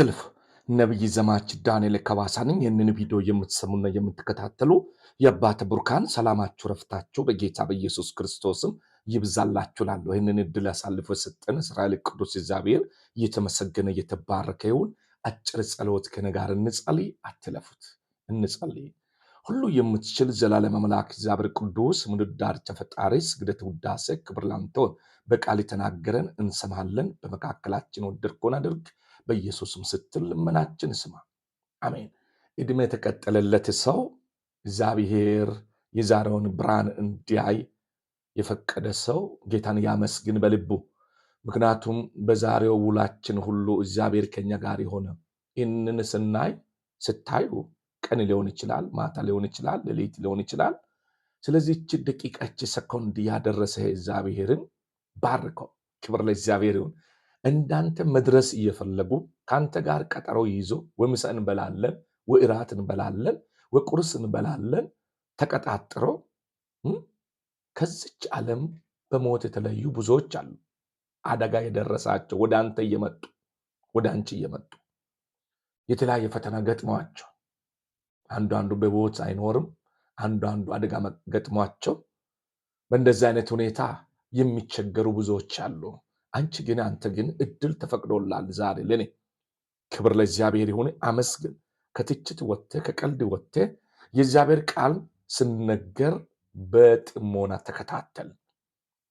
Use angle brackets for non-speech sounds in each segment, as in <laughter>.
አችልፍ ነቢይ ዘማች ዳንኤል ከባሳ ነኝ። ይህንን ቪዲዮ የምትሰሙና የምትከታተሉ የአባት ቡርካን ሰላማችሁ ረፍታችሁ በጌታ በኢየሱስ ክርስቶስም ይብዛላችሁ ላለሁ ይህንን እድል አሳልፎ የሰጠን እስራኤል ቅዱስ እግዚአብሔር እየተመሰገነ እየተባረከ ይሁን። አጭር ጸሎት ከነጋር እንጸልይ፣ አትለፉት እንጸልይ። ሁሉ የምትችል ዘላለም አምላክ እግዚአብሔር ቅዱስ ምድር ዳርቻ ፈጣሪ ስግደት፣ ውዳሴ፣ ክብር ላንተውን በቃል የተናገረን እንሰማለን። በመካከላችን ወደድከውን አድርግ በኢየሱስም ስትል ልመናችን ስማ። አሜን። እድሜ የተቀጠለለት ሰው እግዚአብሔር የዛሬውን ብርሃን እንዲያይ የፈቀደ ሰው ጌታን ያመስግን በልቡ። ምክንያቱም በዛሬው ውላችን ሁሉ እግዚአብሔር ከኛ ጋር የሆነ ይህንን ስናይ ስታዩ ቀን ሊሆን ይችላል፣ ማታ ሊሆን ይችላል፣ ሌሊት ሊሆን ይችላል። ስለዚህ እቺ ደቂቃች ሰኮንድ ያደረሰ እግዚአብሔርን ባርከው። ክብር ለእግዚአብሔር ይሁን። እንዳንተ መድረስ እየፈለጉ ከአንተ ጋር ቀጠሮ ይዞ ወምሰ እንበላለን፣ ወእራት እንበላለን፣ ወቁርስ እንበላለን ተቀጣጥሮ ከዚች ዓለም በሞት የተለዩ ብዙዎች አሉ። አደጋ የደረሳቸው ወደ አንተ እየመጡ ወደ አንቺ እየመጡ የተለያየ ፈተና ገጥመዋቸው አንዱ አንዱ በቦት አይኖርም፣ አንዱ አንዱ አደጋ ገጥሟቸው በእንደዚህ አይነት ሁኔታ የሚቸገሩ ብዙዎች አሉ። አንቺ ግን አንተ ግን እድል ተፈቅዶላል ዛሬ ለኔ። ክብር ለእግዚአብሔር ይሁን። አመስግን። ከትችት ወጥቴ ከቀልድ ወጥቴ የእግዚአብሔር ቃል ስነገር በጥሞና ተከታተል።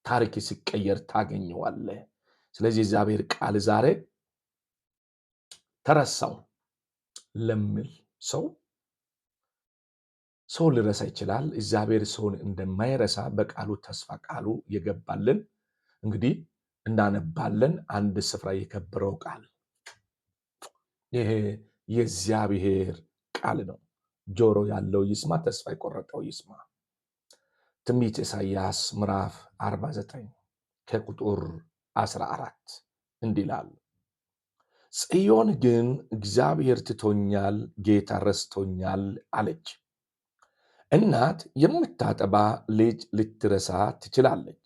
ታሪክ ሲቀየር ታገኘዋለ። ስለዚህ እግዚአብሔር ቃል ዛሬ ተረሳው ለሚል ሰው ሰው ሊረሳ ይችላል። እግዚአብሔር ሰውን እንደማይረሳ በቃሉ ተስፋ ቃሉ የገባልን እንግዲህ እናነባለን። አንድ ስፍራ የከበረው ቃል ይሄ የእግዚአብሔር ቃል ነው። ጆሮ ያለው ይስማ፣ ተስፋ የቆረጠው ይስማ። ትንቢት ኢሳይያስ ምዕራፍ 49 ከቁጥር 14 እንዲህ ይላል፣ ጽዮን ግን እግዚአብሔር ትቶኛል፣ ጌታ ረስቶኛል አለች። እናት የምታጠባ ልጅ ልትረሳ ትችላለች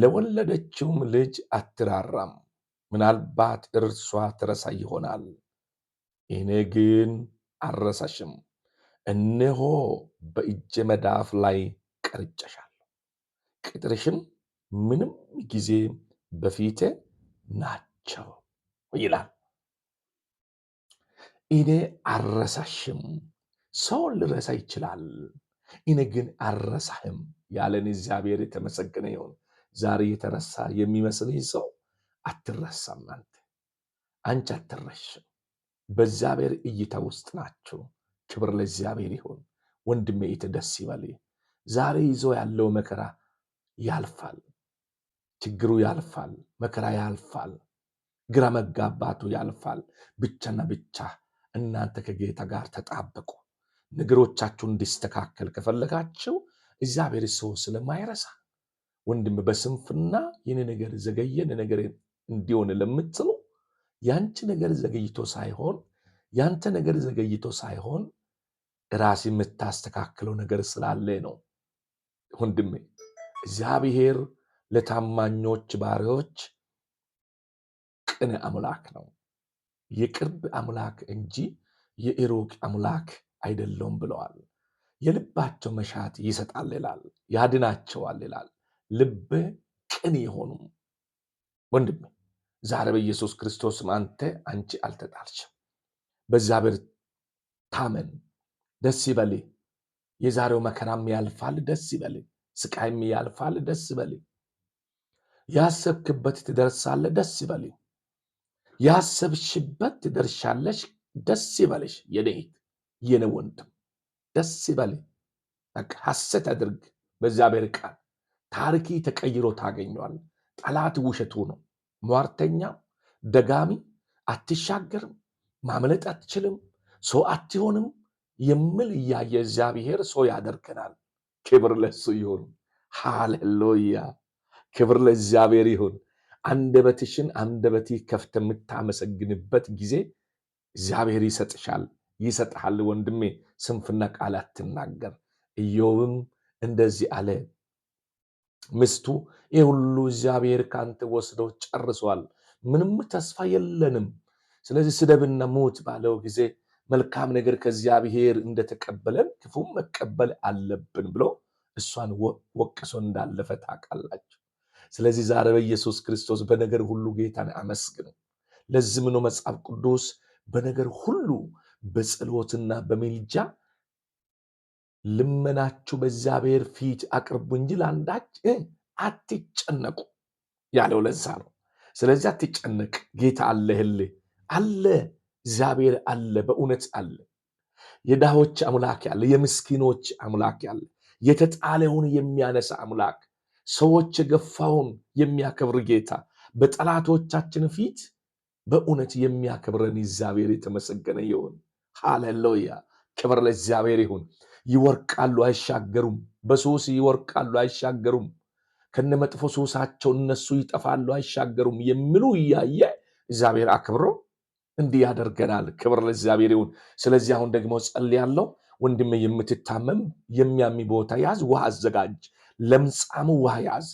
ለወለደችውም ልጅ አትራራም። ምናልባት እርሷ ትረሳ ይሆናል፣ እኔ ግን አረሳሽም! እነሆ በእጀ መዳፍ ላይ ቀርጨሻል ቅጥርሽም ምንም ጊዜ በፊቴ ናቸው ይላል። እኔ አረሳሽም! ሰው ልረሳ ይችላል፣ እኔ ግን አረሳህም ያለን እግዚአብሔር የተመሰገነ ይሁን። ዛሬ የተረሳ የሚመስልህ ሰው አትረሳም። አንተ አንቺ አትረሽም። በእግዚአብሔር እይታ ውስጥ ናቸው። ክብር ለእግዚአብሔር ይሁን። ወንድሜ የተደስ ይበል። ዛሬ ይዞ ያለው መከራ ያልፋል። ችግሩ ያልፋል። መከራ ያልፋል። ግራ መጋባቱ ያልፋል። ብቻና ብቻ እናንተ ከጌታ ጋር ተጣበቁ። ነገሮቻችሁ እንዲስተካከል ከፈለጋችሁ እግዚአብሔር ሰው ስለማይረሳ ወንድም በስንፍና ይህን ነገር ዘገየን ነገር እንዲሆን ለምትሉ ያንቺ ነገር ዘገይቶ ሳይሆን ያንተ ነገር ዘገይቶ ሳይሆን ራስ የምታስተካክለው ነገር ስላለ ነው። ወንድሜ እግዚአብሔር ለታማኞች ባሪዎች ቅን አምላክ ነው። የቅርብ አምላክ እንጂ የሩቅ አምላክ አይደለውም ብለዋል። የልባቸው መሻት ይሰጣል ይላል፣ ያድናቸዋል ይላል። ልብ ቅን የሆኑ ወንድሜ ዛሬ በኢየሱስ ክርስቶስ አንተ አንቺ አልተጣልችም። በእግዚአብሔር ታመን። ደስ ይበል። የዛሬው መከራም ያልፋል። ደስ ይበል። ስቃይም ያልፋል። ደስ ይበል። ያሰብክበት ትደርሳለ። ደስ ይበል። ያሰብሽበት ትደርሻለሽ። ደስ ይበልሽ። የኔት የኔ ወንድም ደስ ይበል። ሐሴት አድርግ በእግዚአብሔር ቃል ታሪኪ ተቀይሮ ታገኘዋል። ጠላት ውሸቱ ነው። ሟርተኛ፣ ደጋሚ፣ አትሻገርም፣ ማምለጥ አትችልም፣ ሰው አትሆንም የሚል እያየ እግዚአብሔር ሰው ያደርገናል። ክብር ለሱ ይሁን። ሃሌሉያ! ክብር ለእግዚአብሔር ይሁን። አንደበትሽን አንደበት ከፍተ የምታመሰግንበት ጊዜ እግዚአብሔር ይሰጥሻል፣ ይሰጥሃል። ወንድሜ ስንፍና ቃል አትናገር። ኢዮብም እንደዚህ አለ። ሚስቱ ይህ ሁሉ እግዚአብሔር ከአንተ ወስዶ ጨርሷል፣ ምንም ተስፋ የለንም፣ ስለዚህ ስደብና ሙት ባለው ጊዜ መልካም ነገር ከእግዚአብሔር እንደተቀበለን ክፉም መቀበል አለብን ብሎ እሷን ወቅሶ እንዳለፈ ታውቃላችሁ። ስለዚህ ዛሬ በኢየሱስ ክርስቶስ በነገር ሁሉ ጌታን አመስግኑ። ለዚህ ምኖ መጽሐፍ ቅዱስ በነገር ሁሉ በጸሎትና በምልጃ ልመናችሁ በእግዚአብሔር ፊት አቅርቡ እንጂ ለአንዳች አትጨነቁ ያለው ለዛ ነው። ስለዚህ አትጨነቅ። ጌታ አለህልህ አለ። እግዚአብሔር አለ፣ በእውነት አለ። የዳሆች አምላክ ያለ፣ የምስኪኖች አምላክ ያለ፣ የተጣለውን የሚያነሳ አምላክ፣ ሰዎች የገፋውን የሚያከብር ጌታ፣ በጠላቶቻችን ፊት በእውነት የሚያከብረን እግዚአብሔር የተመሰገነ ይሁን። ሃሌሉያ! ክብር ለእግዚአብሔር ይሁን። ይወርቃሉ፣ አይሻገሩም። በሱስ ይወርቃሉ፣ አይሻገሩም። ከነመጥፎ ሱሳቸው እነሱ ይጠፋሉ፣ አይሻገሩም የሚሉ እያየ እግዚአብሔር አክብሮ እንዲህ ያደርገናል። ክብር ለእግዚአብሔር ይሁን። ስለዚህ አሁን ደግሞ ጸልያለሁ። ወንድም የምትታመም የሚያሚ ቦታ ያዝ፣ ውሃ አዘጋጅ። ለምጻሙ ውሃ ያዝ፣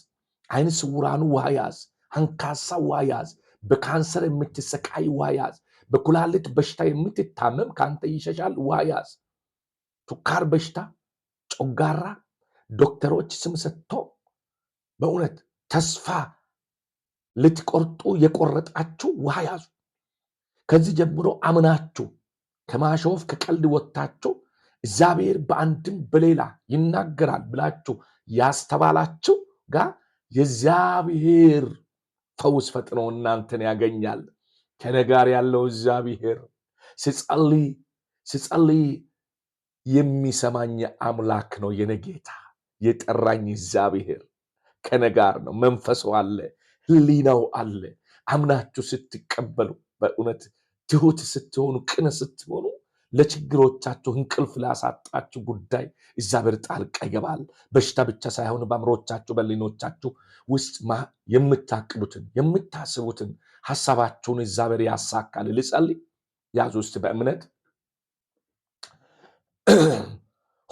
አይን ስውራኑ ውሃ ያዝ፣ አንካሳ ውሃ ያዝ፣ በካንሰር የምትሰቃይ ውሃ ያዝ፣ በኩላሊት በሽታ የምትታመም ከአንተ ይሸሻል ውሃ ያዝ። ቱካር በሽታ፣ ጮጋራ ዶክተሮች ስም ሰጥቶ በእውነት ተስፋ ልትቆርጡ የቆረጣችሁ ውሃ ያዙ። ከዚህ ጀምሮ አምናችሁ ከማሾፍ ከቀልድ ወጥታችሁ እግዚአብሔር በአንድም በሌላ ይናገራል ብላችሁ ያስተባላችሁ ጋር የእግዚአብሔር ፈውስ ፈጥኖ እናንተን ያገኛል። ከነጋር ያለው እግዚአብሔር ስጸልይ ስጸልይ የሚሰማኝ አምላክ ነው። የነጌታ የጠራኝ እግዚአብሔር ከነጋር ነው። መንፈሱ አለ፣ ህሊናው አለ። አምናችሁ ስትቀበሉ፣ በእውነት ትሁት ስትሆኑ፣ ቅን ስትሆኑ ለችግሮቻችሁ እንቅልፍ ላሳጣችሁ ጉዳይ እግዚአብሔር ጣልቃ ይገባል። በሽታ ብቻ ሳይሆን በአእምሮቻችሁ በሊኖቻችሁ ውስጥ የምታቅዱትን የምታስቡትን ሀሳባችሁን እግዚአብሔር ያሳካል። ልጸልይ። ያዙ ውስጥ በእምነት <clears throat>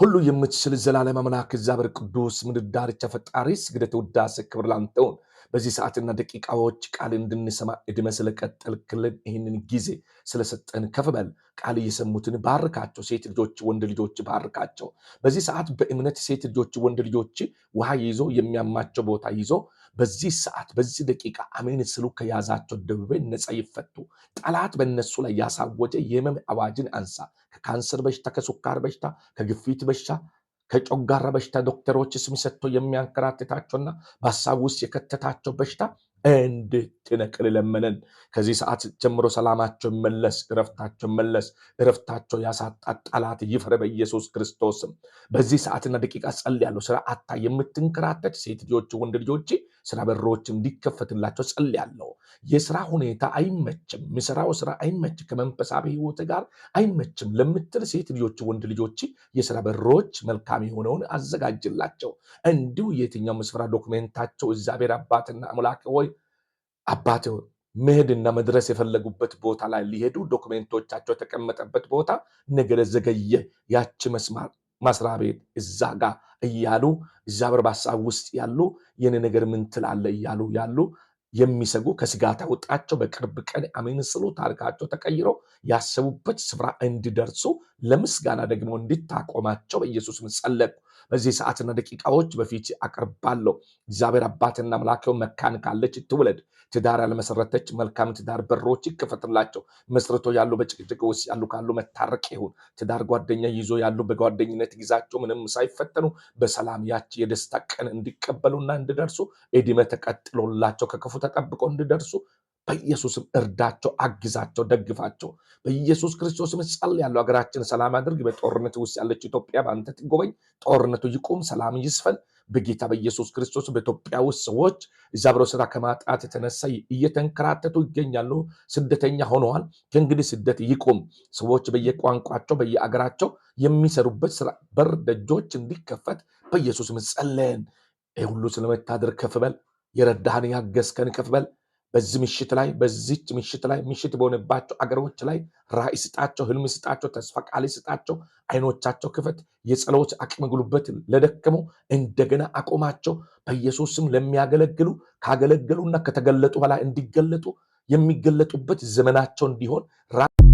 ሁሉ የምትችል ዘላለም አምላክ እግዚአብሔር ቅዱስ ምድር ዳርቻ ፈጣሪ ስግደት፣ ውዳሴ፣ ክብር ላንተውን በዚህ ሰዓትና ደቂቃዎች ቃል እንድንሰማ ዕድሜ ስለቀጠልክልን ይህንን ጊዜ ስለሰጠን ከፍበል ቃል እየሰሙትን ባርካቸው። ሴት ልጆች፣ ወንድ ልጆች ባርካቸው። በዚህ ሰዓት በእምነት ሴት ልጆች፣ ወንድ ልጆች ውሃ ይዞ የሚያማቸው ቦታ ይዞ በዚህ ሰዓት በዚህ ደቂቃ አሜን ስሉ ከያዛቸው ደዌ ነፃ ይፈቱ። ጠላት በእነሱ ላይ ያሳወጀ የህመም አዋጅን አንሳ። ከካንሰር በሽታ፣ ከሱካር በሽታ፣ ከግፊት በሽታ፣ ከጨጓራ በሽታ ዶክተሮች ስም ሰጥቶ የሚያንከራትታቸውና በሀሳብ ውስጥ የከተታቸው በሽታ እንድትነቅል ለመንን። ከዚህ ሰዓት ጀምሮ ሰላማቸው መለስ፣ እረፍታቸው መለስ፣ እረፍታቸው ያሳጣ ጠላት ይፍረ በኢየሱስ ክርስቶስ። በዚህ ሰዓትና ደቂቃ ጸል ያለው ስራ አታ የምትንከራተት ሴት ልጆች፣ ወንድ ልጆች ስራ በሮች እንዲከፈትላቸው ያለው የስራ ሁኔታ አይመችም፣ ምስራው ስራ አይመችም፣ ከመንፈሳዊ ህይወት ጋር አይመችም ለምትል ሴት ልጆች፣ ወንድ ልጆች የስራ በሮች መልካም የሆነውን አዘጋጅላቸው። እንዲሁ የትኛው ምስፍራ ዶክሜንታቸው እግዚአብሔር አባትና አምላክ ወይ አባት አባቴ እና መድረስ የፈለጉበት ቦታ ላይ ሊሄዱ ዶክሜንቶቻቸው የተቀመጠበት ቦታ ነገር ዘገየ። ያቺ መስማር ማስሪያ ቤት እዛ ጋ እያሉ እግዚአብሔር በሀሳብ ውስጥ ያሉ የኔ ነገር ምን ትላለ እያሉ ያሉ የሚሰጉ ከስጋት አውጣቸው። በቅርብ ቀን አሜን ስሉ ታሪካቸው ተቀይረው ያሰቡበት ስፍራ እንዲደርሱ ለምስጋና ደግሞ እንዲታቆማቸው በኢየሱስ ጸለቁ። በዚህ ሰዓትና ደቂቃዎች በፊት አቅርባለሁ። እግዚአብሔር አባትና አምላኬው መካን ካለች ትውለድ፣ ትዳር ያልመሰረተች መልካም ትዳር በሮች ይከፈትላቸው። መስርቶ ያሉ በጭቅጭቅ ውስጥ ያሉ ካሉ መታረቅ ይሁን። ትዳር ጓደኛ ይዞ ያሉ በጓደኝነት ጊዜያቸው ምንም ሳይፈተኑ በሰላም ያች የደስታ ቀን እንዲቀበሉና እንዲደርሱ እድሜ ተቀጥሎላቸው ከክፉ ተጠብቆ እንዲደርሱ በኢየሱስም እርዳቸው፣ አግዛቸው፣ ደግፋቸው። በኢየሱስ ክርስቶስም ያለው ሀገራችን ሰላም አድርግ። በጦርነት ውስጥ ያለች ኢትዮጵያ በአንተ ትጎበኝ። ጦርነቱ ይቁም፣ ሰላም ይስፈን። በጌታ በኢየሱስ ክርስቶስ በኢትዮጵያ ውስጥ ሰዎች እዛ አብረው ስራ ከማጣት የተነሳ እየተንከራተቱ ይገኛሉ። ስደተኛ ሆነዋል። ከእንግዲህ ስደት ይቁም። ሰዎች በየቋንቋቸው በየአገራቸው የሚሰሩበት ስራ በር ደጆች እንዲከፈት በኢየሱስም ጸለየን። ይህ ሁሉ ስለመታደር ከፍበል፣ የረዳህን ያገዝከን ከፍበል። በዚህ ምሽት ላይ በዚች ምሽት ላይ ምሽት በሆነባቸው አገሮች ላይ ራእይ ስጣቸው፣ ህልም ስጣቸው፣ ተስፋ ቃል ስጣቸው። አይኖቻቸው ክፈት፣ የጸሎት አቅም ጉልበት ለደከሙ እንደገና አቆማቸው። በኢየሱስም ለሚያገለግሉ ካገለገሉና ከተገለጡ በኋላ እንዲገለጡ የሚገለጡበት ዘመናቸው እንዲሆን